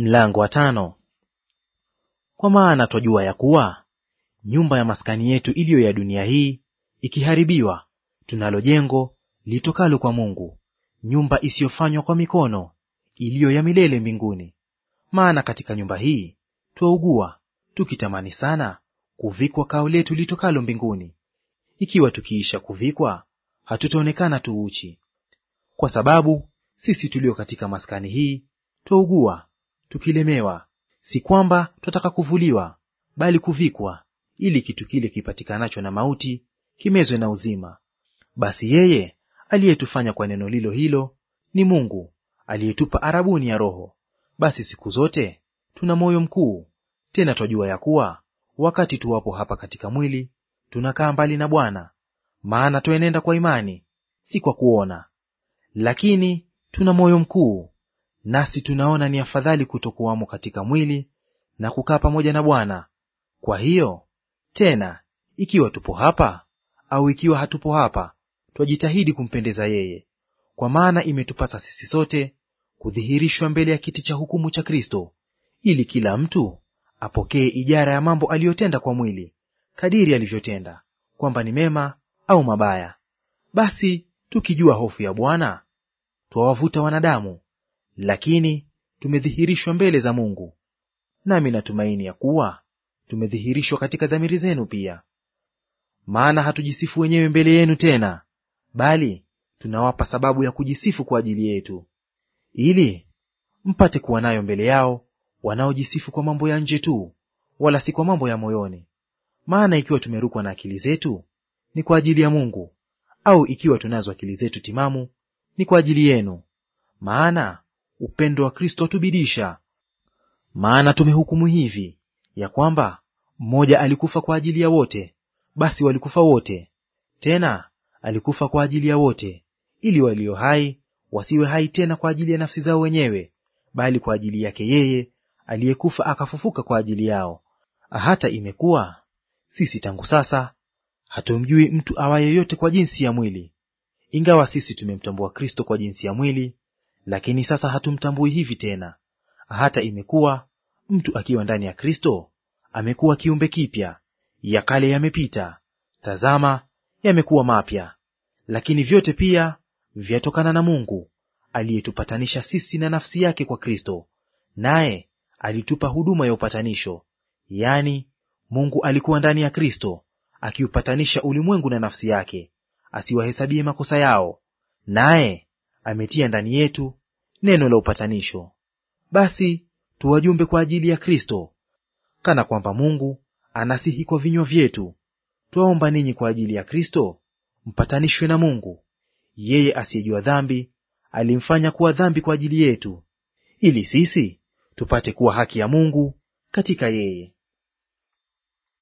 Mlango wa tano. Kwa maana twajua ya kuwa nyumba ya maskani yetu iliyo ya dunia hii ikiharibiwa, tunalo jengo litokalo kwa Mungu, nyumba isiyofanywa kwa mikono, iliyo ya milele mbinguni. Maana katika nyumba hii twaugua, tukitamani sana kuvikwa kao letu litokalo mbinguni. Ikiwa tukiisha kuvikwa, hatutaonekana tu uchi, kwa sababu sisi tulio katika maskani hii twaugua tukilemewa, si kwamba twataka kuvuliwa, bali kuvikwa, ili kitu kile kipatikanacho na mauti kimezwe na uzima. Basi yeye aliyetufanya kwa neno lilo hilo ni Mungu aliyetupa arabuni ya Roho. Basi siku zote tuna moyo mkuu, tena twajua ya kuwa wakati tuwapo hapa katika mwili tunakaa mbali na Bwana, maana twaenenda kwa imani, si kwa kuona. Lakini tuna moyo mkuu Nasi tunaona ni afadhali kutokuwamo katika mwili na kukaa pamoja na Bwana. Kwa hiyo tena, ikiwa tupo hapa au ikiwa hatupo hapa, twajitahidi kumpendeza yeye, kwa maana imetupasa sisi sote kudhihirishwa mbele ya kiti cha hukumu cha Kristo, ili kila mtu apokee ijara ya mambo aliyotenda kwa mwili, kadiri alivyotenda, kwamba ni mema au mabaya. Basi tukijua hofu ya Bwana, twawavuta wanadamu lakini tumedhihirishwa mbele za Mungu. Nami natumaini ya kuwa tumedhihirishwa katika dhamiri zenu pia. Maana hatujisifu wenyewe mbele yenu tena, bali tunawapa sababu ya kujisifu kwa ajili yetu, ili mpate kuwa nayo mbele yao wanaojisifu kwa mambo ya nje tu, wala si kwa mambo ya moyoni. Maana ikiwa tumerukwa na akili zetu, ni kwa ajili ya Mungu; au ikiwa tunazo akili zetu timamu, ni kwa ajili yenu. Maana upendo wa Kristo watubidisha. Maana tumehukumu hivi ya kwamba mmoja alikufa kwa ajili ya wote, basi walikufa wote; tena alikufa kwa ajili ya wote, ili walio hai wasiwe hai tena kwa ajili ya nafsi zao wenyewe, bali kwa ajili yake yeye aliyekufa akafufuka kwa ajili yao. Hata imekuwa sisi tangu sasa hatumjui mtu awaye yote kwa jinsi ya mwili, ingawa sisi tumemtambua Kristo kwa jinsi ya mwili, lakini sasa hatumtambui hivi tena, hata imekuwa mtu akiwa ndani ya Kristo amekuwa kiumbe kipya; ya kale yamepita, tazama, yamekuwa mapya. Lakini vyote pia vyatokana na Mungu aliyetupatanisha sisi na nafsi yake kwa Kristo, naye alitupa huduma ya upatanisho. Yaani, Mungu alikuwa ndani ya Kristo akiupatanisha ulimwengu na nafsi yake, asiwahesabie makosa yao, naye ametia ndani yetu neno la upatanisho. Basi tuwajumbe kwa ajili ya Kristo, kana kwamba Mungu anasihi kwa vinywa vyetu. Twaomba ninyi kwa ajili ya Kristo mpatanishwe na Mungu. Yeye asiyejua dhambi alimfanya kuwa dhambi kwa ajili yetu, ili sisi tupate kuwa haki ya Mungu katika yeye.